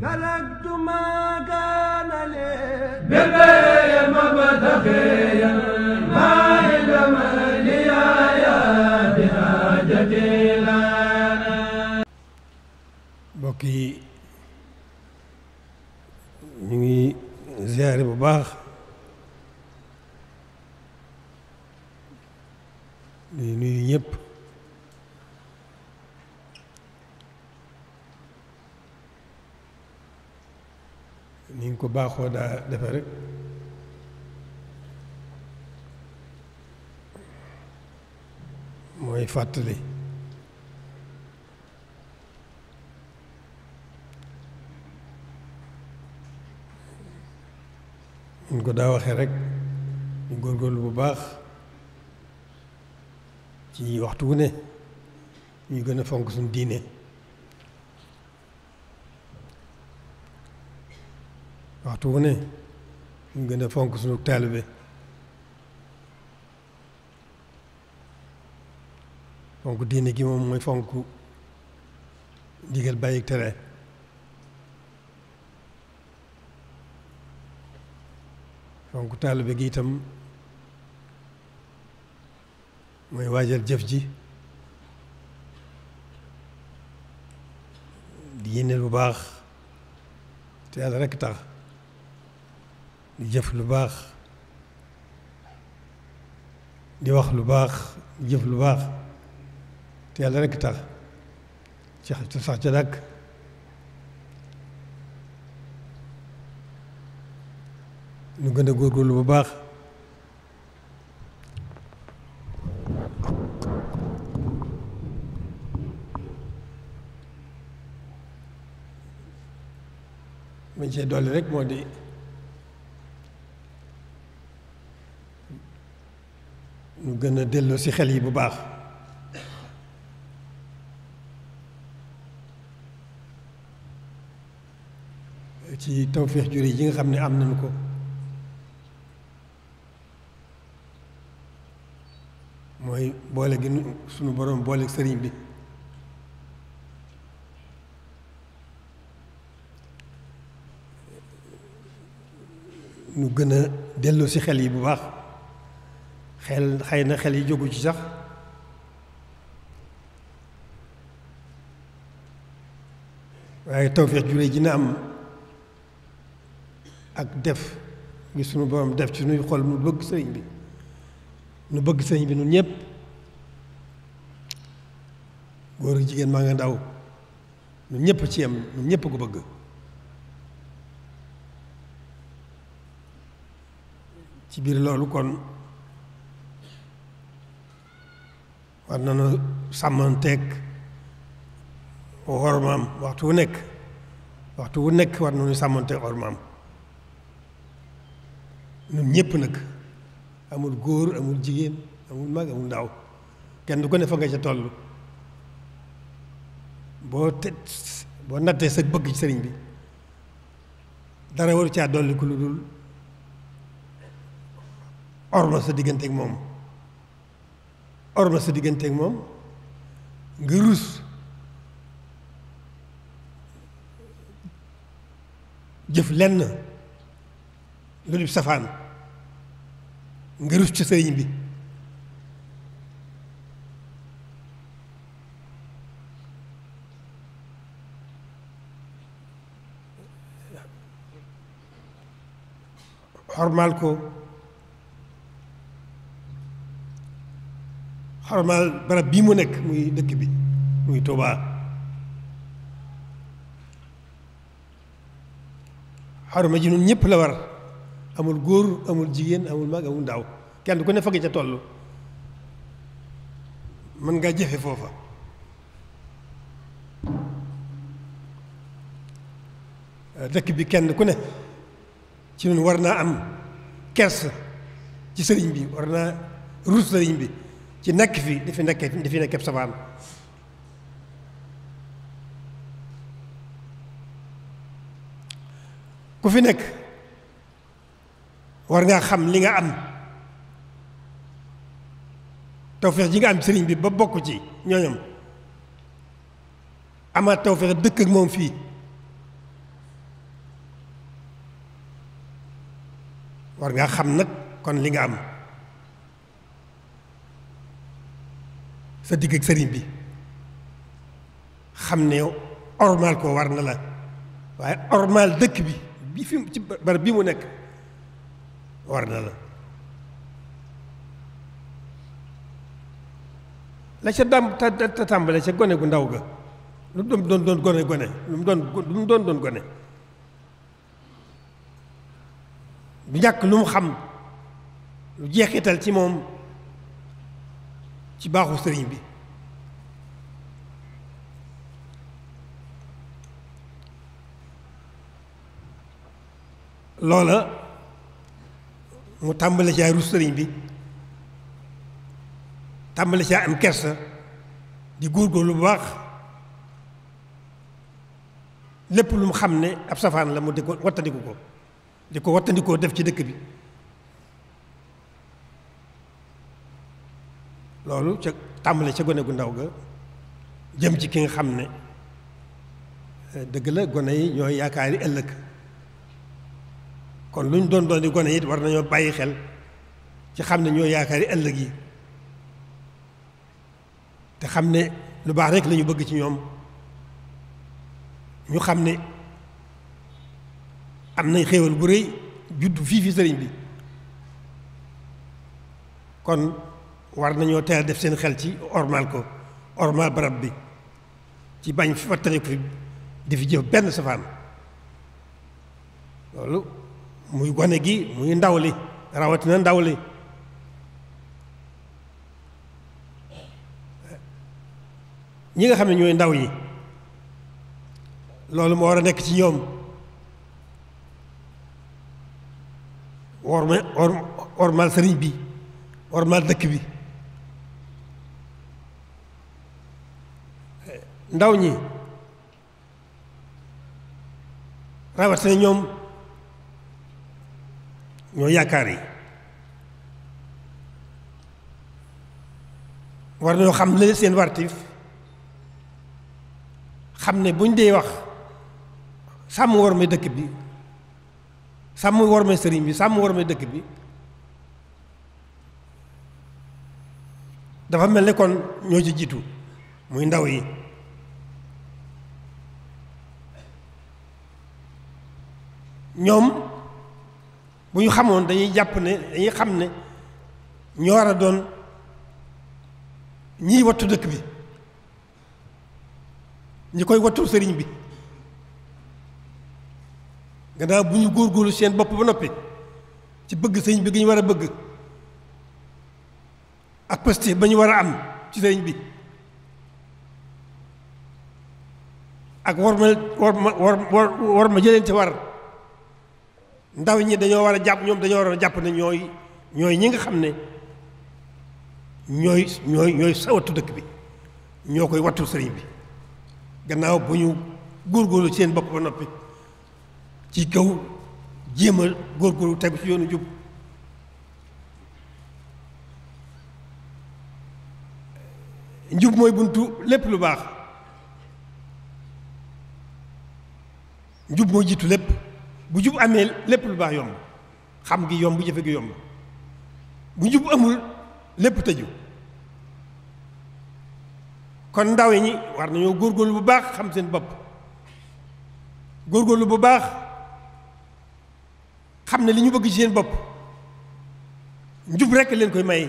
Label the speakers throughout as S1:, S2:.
S1: تركت ما كان لي بغير مبتغيا ما علم لي يا بحاجتي لنا بكي نيجي زيارة بباخ di nuyu ñëpp ni nga ko baaxoo daa defe rek mooy fàttali ñu ko daa waxee rek ñu góorgóorlu bu baax ci waxtu wu ne ñu gën a fonk suñu diine waxtu wu gën a fonk sunu taalibe fonk diine gi moom mooy fonk digal bàyyi tere fonk taalibe gi itam mooy waajal jëf ji di yéene bu baax te yàlla rekk tax di jëf lu baax di wax lu baax di jëf lu baax te yàlla rek tax ci sax ca dàkk ñu gën a góorgóorlu bu baax mañ cee rek moo di gën a delloo si xel yi bu baax ci tawféex juri yi nga xam ne am nañu ko mooy boole gi suñu boroom boole sëriñ bi mu gën a delloo si xel yi bu baax xel xëy na xel yi jógu ci sax waaye tawféex jure ji na am ak def gi sunu borom def ci nuy xol nu bëgg sëriñ bi nu bëgg sëriñ bi nun ñëpp góor ak jigéen maa nga ndaw nun ñëpp ci yem nun ñëpp ko bëgg ci biir loolu kon war nañu sàmmanteeg wormaam waxtu wu nekk waxtu wu nekk war nañu sàmmanteeg wormaam ñun ñëpp nag amul góor amul jigéen amul mag amul ndaw kenn du ko ne fa nga ca toll boo te boo nattee sa bëgg ci sëriñ bi dara waru caa dolli ku lu dul orma sa digganteeg moom orma sa digganteeg moom nga rus jëf lenn lu safaan nga rus ci sëriñ bi xormaal ko xormaal barab bii mu nekk muy dëkk bi muy Tuubaa xorma ji ñun ñëpp la war amul góor amul jigéen amul mag amul ndaw kenn ku ne fa ca toll mën ngaa jëfe foofa dëkk bi kenn ku ne ci ñun war naa am kers ci sëriñ bi war naa ruus sëriñ bi ci nekk fii di fi nekk di fi nekk sabaan ku fi nekk war ngaa xam li nga am tawféex ji nga am sëriñ bi ba bokk ci ñooñam amaat tawféex dëkk ak moom fii war ngaa xam nag kon li nga am sa digg ak sëriñ bi xam ne ormal ko war na la waaye ormal dëkk bi bi fi ci barab bi mu nekk war na la la ca dam ta tàmbale ca gone gu ndaw ga lu mu doon doon gone gone lu mu doon lu doon doon gone bu ñàkk lu mu xam lu jeexital ci moom ci baaxu sëriñ bi loola mu tàmbale caa rus sëriñ bi tàmbale caa am kers di góorgóorlu bu baax lépp lu mu xam ne ab safaan la mu di ko wattandiku ko di ko wattandikoo def ci dëkk bi loolu ca tàmbale ca gone gu ndaw ga jëm ci ki nga xam ne eh, dëgg la gone yi ñooy yaakaari ëllëg kon lu ñu doon doon di gone war nañoo bàyyi xel ci xam ne ñooy ëllëg yi te xam ne lu baax rek lañu bëgg ci ñoom ñu xam ne am nañ xéewal bu rëy juddu fii fi sëriñ bi kon war nañoo teel def seen xel ci ormal ko ormal barab bi ci bañ fattaliku fi di fi jëf benn safaan loolu muy gone gi muy ndaw li rawatina ndaw li ñi nga xam ne ñooy ndaw yi loolu moo war a nekk ci ñoom worma ormal sëriñ bi ormal dëkk bi ndaw ñi rawatina ñoom ñoo yaakaar yi war nañoo xam la seen wartif xam ne buñ dee wax sàmm war may dëkk bi sàmm wor may sëriñ bi sàmm war may dëkk bi dafa mel ne kon ñoo ci jiitu muy ndaw yi ñoom bu ñu xamoon dañuy jàpp ne dañuy xam ne ñu war a doon ñiy wattu dëkk bi ñi koy wattul sëriñ bi gannaaw bu ñu góor góorgóorlu seen bopp ba noppi ci bëgg sëriñ bi gi ñu war a bëgg ak pësté ba ñu war a am ci sëriñ bi ak war ma war ma war ma jëleen ci war ndaw ñi dañoo war a jàpp ñoom dañoo war a jàpp ne ñooy ñooy ñi nga xam ne ñooy ñooy ñooy sawatu dëkk bi ñoo koy wattul sëriñ bi gannaaw bu ñu góorgóorlu ci seen bopp ba noppi ci kaw jéem a góorgóorlu tegu ci yoonu jub njub mooy buntu lépp lu baax njub mooy jiitu lépp bu jub amee lépp lu baax yomb xam ngi yomb jëfe gi yomb bu jub amul lépp tëju kon ndaw ñi war nañoo góorgóorlu bu baax xam seen bopp góorgóorlu bu baax xam ne li ñu bëgg ci seen bopp njub rekk leen koy may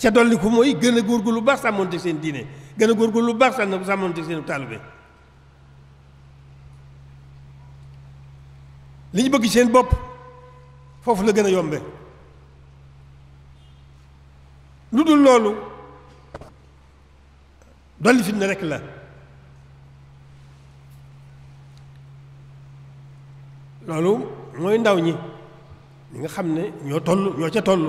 S1: ca dolli ko mooy gën a góorgóorlu bu baax sàmmoonte seen diine gën a góorgóorlu bu baax sàmmoonte seen taalube li ñu bëgg seen bopp foofu la gën a yombe lu dul loolu dolli fitna rekk la loolu mooy ndaw ñi li nga xam ne ñoo toll ñoo ca toll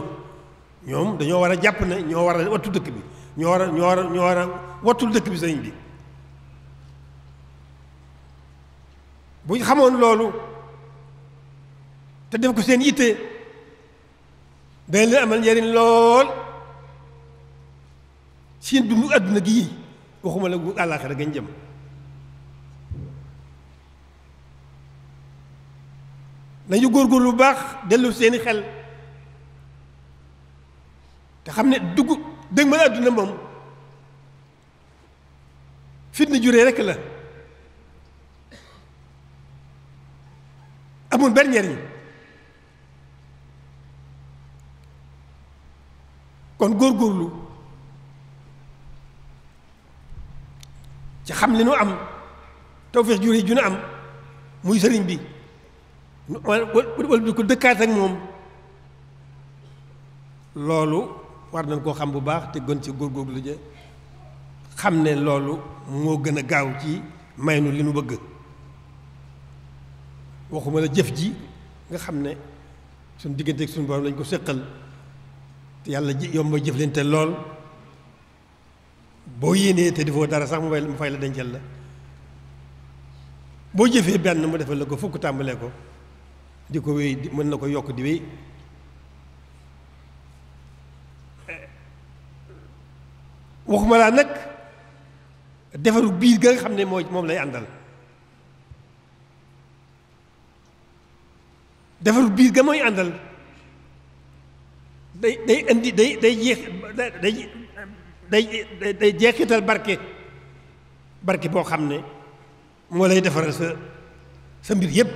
S1: ñoom dañoo war a jàpp ne ñoo war a wattu dëkk bi ñoo war a ñoo war a ñoo wattul dëkk bi sëñ bi bu ñu xamoon loolu te def ko seen yitte day leen amal njariñ lool seen dundu àdduna gii waxuma la gu àllaaxira gañ jëm nañu góorgóorlu lu baax dellu seeni xel te xam ne dugg dëgg ma àdduna moom fitna jure rekk la amul benn njariñ kon góorgóorlu ci xam li nu am tawfeex juri ju nu am muy sëriñ bi wala di ko dëkkaat ak moom loolu war nañ koo xam bu baax te gën ci góorgóorlu ja xam ne loolu moo gën a gaaw ci may nu li nu bëgg waxuma la jëf ji nga xam ne suñ diggante ak suñu borom lañ ko séqal yàlla te yàlla yomba jëflante lool boo yéenee te defoo dara sax mu fay mu fay la dencal la boo jëfee benn mu defal la ko fukk tàmbalee ko di ko wéy mën na ko yokk di wéy waxuma laa nag defaru biir ga nga xam ne moo moom lay àndal defaru biir ga mooy àndal day day indi day day jeex day day day jeexital barke barke boo xam ne moo lay defaral sa sa mbir yépp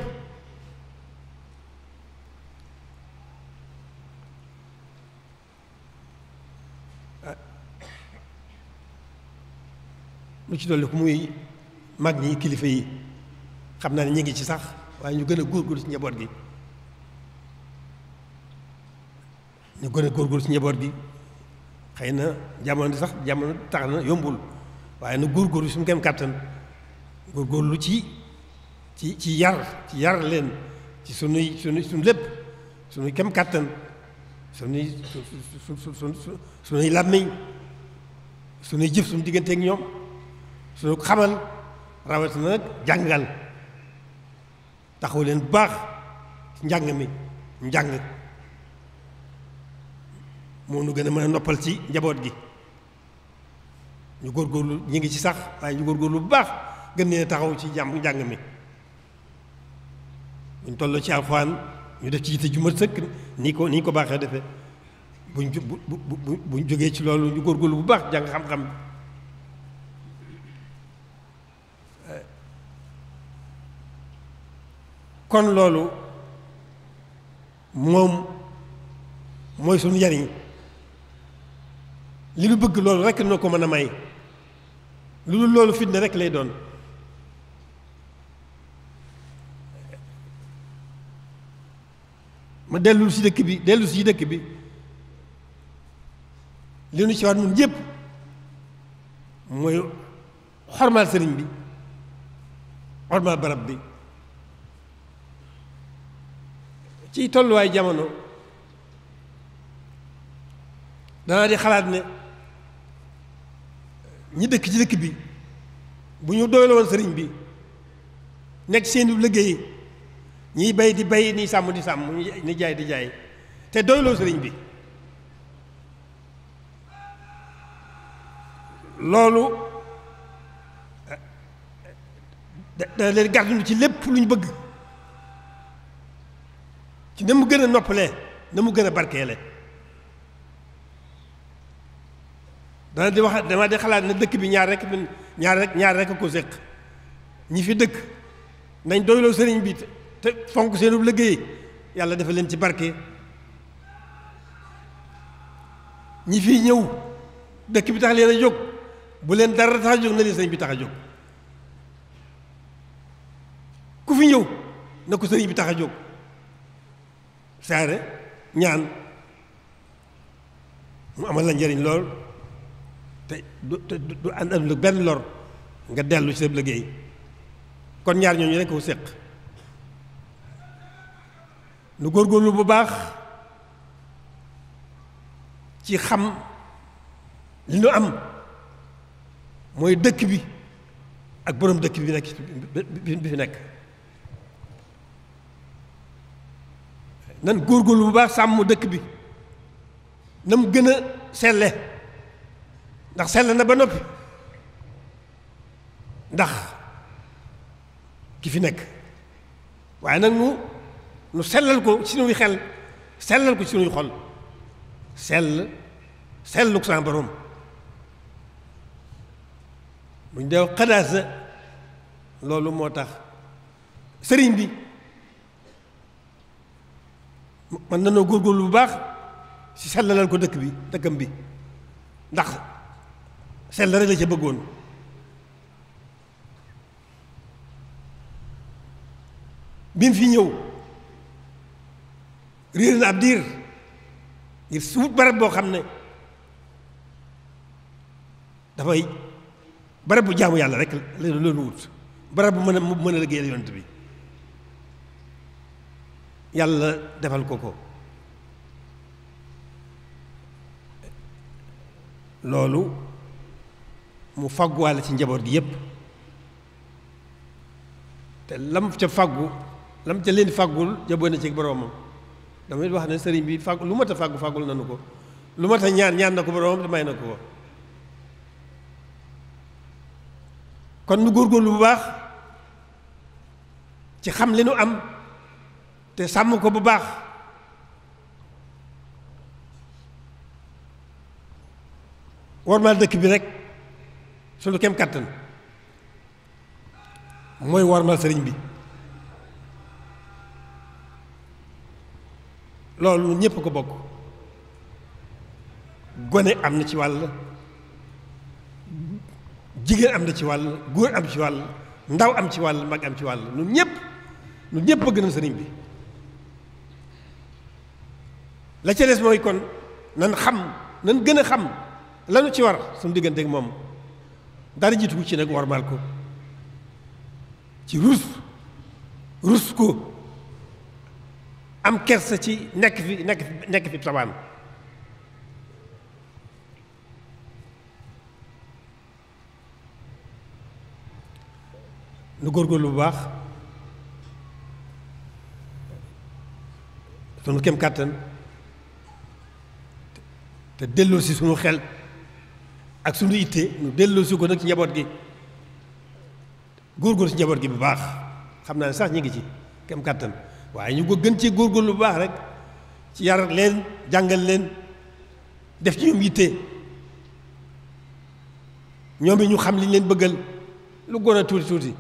S1: lu ci dolli ku muy mag ñi kilifa yi xam naa ne ñu ngi ci sax waaye ñu gën a góorgóorlu ci njaboot gi ñu gën a góorgóorlu ci njaboot gi xëy na jamono di sax jamono tax na yombul waaye na góor góorgóorlu suñu kem kàttan lu ci ci ci yar ci yar leen ci sunuy sunuy su lépp suñuy kem kàttan sunuy su su su sunuy làmmiñ sunuy jëf suñu digganteeg ñoom suñu xamal rawatina jàngal taxaw leen bu baax njàng mi njàng moo nu gën a mën a noppal ci njaboot gi ñu góorgóorlu ñu ngi ci sax waaye ñu góorgóorlu bu baax gën leen taxaw ci jàmm njàng mi buñ tolloo ci alxuraan ñu def ci yitte ju mat sëkk nii ko nii ko baaxee defee buñ bu bu buñ jógee ci loolu ñu góorgóorlu bu baax jàng xam-xam kon loolu moom mooy suñu njariñ li nu bëgg loolu rekk noo ko mën a may lu dul loolu fitna rek lay doon ma dellu si dëkk bi dellu si dëkk bi li nu ci waat ñun yépp mooy xormaal sëriñ bi xormaal barab bi ci tolluwaay jamono danaa di xalaat ne ñi dëkk ci dëkk bi bu ñu doyloo sëriñ bi nekk seen liggéey ñiy bay di bay ni sàmm di sàmm ni jaay di jaay te doyloo sëriñ bi loolu da leen gàttandu ci lépp lu ñu bëgg ci na mu gën a noppalee na mu gën a barkeele dana di wax dama di xalaat na dëkk bi ñaar rek ñaar rek ñaar rek ko séq ñi fi dëkk nañ doyloo sëriñ bi te fonk seenu liggéey yàlla dafa leen ci barke ñi fi ñëw dëkk bi tax leen a jóg bu leen dara tax a jóg na leen sëriñ bi tax a jóg ku fi ñëw na ko sëriñ bi tax a jóg saare ñaan mu amal la njëriñ lool te du du ànd ak lu benn lor nga dellu ci sa liggéey kon ñaar ñooñu rekk ko séq nu góorlu bu baax ci xam li nu am mooy dëkk bi ak boroom dëkk bi nekk bi fi nekk nan góorgóorlu bu baax sàmm dëkk bi na mu gën a selle ndax sell na ba noppi ndax ki fi nekk waaye nag nu nu sellal ko ci nuy xel sellal ko ci nuy xol sell selluk sa borom bu ñu dee loolu moo tax sëriñ bi mën nanoo góorgóorlu bu baax si sellalal ko dëkk bi dëkkam bi ndax sell rek la ca bëggoon bi fi ñëw réer na ab diir ngir suut barab boo xam ne dafay barab bu jaamu yàlla rek la loolu wut barab bu mën a mën a liggéeyal yont bi yàlla defal ko ko loolu mu fagguwaale ci njaboot gi yépp te lam ca faggu lam ca leen fagul jaboo na ci boroomam damay wax ne sëriñ bi faggu lu mat a faggu faggul nanu ko lu mat a ñaan ñaan na ko boroomam te may na ko kon nu góorgóorlu bu baax ci xam li nu am te sàmm ko bu baax war maa dëkk bi rek suñu kem kàttan mooy warmal sëriñ bi loolu ñépp ko bokk gone am na ci wàll jigéen am na ci wàll góor am ci wàll ndaw am ci wàll mag am ci wàll ñun ñëpp ñun ñëpp bëgg nañ sëriñ bi la ca mooy kon nan xam nan gën a xam lanu ci war suñu diggante digganteek moom dara jiitugu ci nag warmal ko ci rus rus ko am kersa ci nekk fi nekk fi nekk fi tabaan nu góorgóorlu bu baax sunu kem kàttan te delloo si sunu xel ak suñu yittee ñu delloosi ko nag ci njaboot gi góorgóorlu si njaboot gi bu baax xam naa ne sax ñu ngi ci kem kàttan waaye ñu ko gën cee góorgóorlu bu baax rek ci yar leen jàngal leen def ci ñoom yittee ñoom bi ñu xam liñ leen bëggal lu gën a tuuti tuuti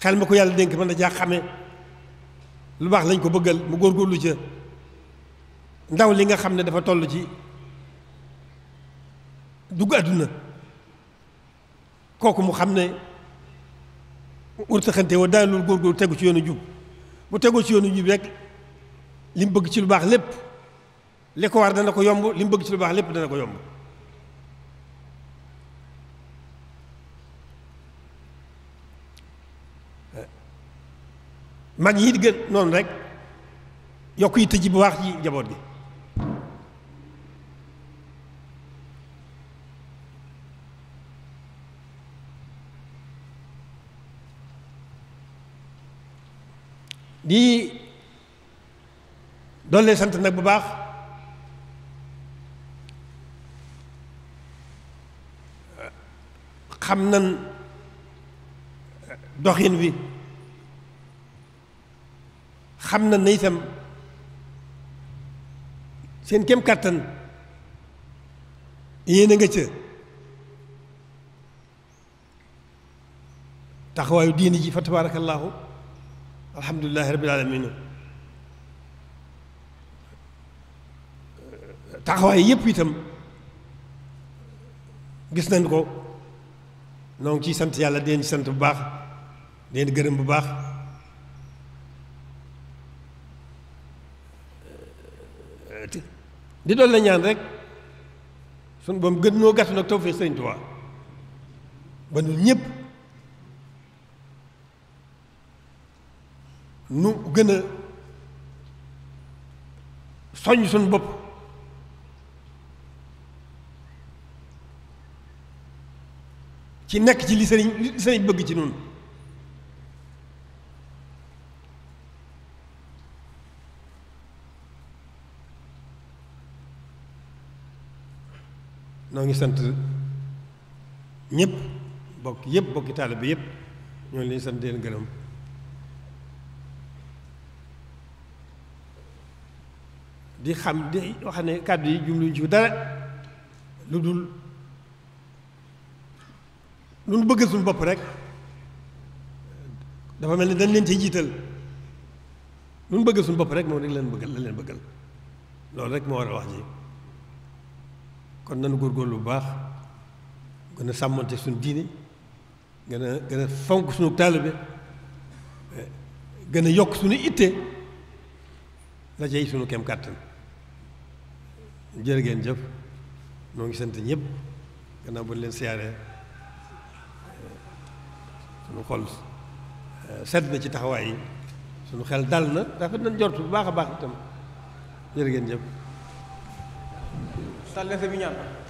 S1: xel ma ko yàlla dénk mën na caa xamee lu baax lañ ko bëggal mu góor góorlu ca ndaw li nga xam ne dafa tollu ci. dugg àdduna kooku mu xam ne wërtaxante wa daal loolu góorgóorlu tegu ci yoonu jub bu tegoo ci yoonu jub rek li mu bëgg ci lu baax lépp li ko war dana ko yomb li mu bëgg ci lu baax lépp dana ko yomb mag yi gën noonu rek yokk yi tëj bu baax ci jaboot gi di doole sant nag bu baax xam nan doxin wi xam na ne itam seen kem kàttan yéen a nga ca taxawaayu diini ji fa tabaarakallaahu alhamdulilahi rabbil alamin taxawaay yépp itam gis nañ ko noo ngi sant yàlla deen ci sant bu baax deen gërëm bu baax di doon la ñaan rek sun boom gën noo gàttu nag tawfeex Sëriñ Tuubaa ba ñun ñëpp nu gën a soññ suñu bopp ci nekk ci li sëriñ li sëriñ bëgg ci noonu noo ngi sant ñëpp bokk yëpp bokki taalibe bi yëpp ñoo leen sant leen gënam di xam di wax ne kàddu yi jumluñ ci dara lu dul lu nu bëgg suñu bopp rek dafa mel ni dañ leen ci jiital lu nu bëgg suñu bopp rek moom dañ leen bëggal la leen bëggal loolu rek moo war a wax ji kon nanu góor lu baax gën a sàmmante suñu diine gën a gën a fonk suñu taalibe gën a yokk suñu itte la cay suñu kem kàttan jërë ngeen jëf ñoo ngi sant ñëpp gannaaw bu leen siyaaree sunu xol eh, sedd na ci taxawaay yi sunu xel dal na rafet nañ jort bu baax a baax itam jërë ngeen jëf. sàlle sa bi ñaan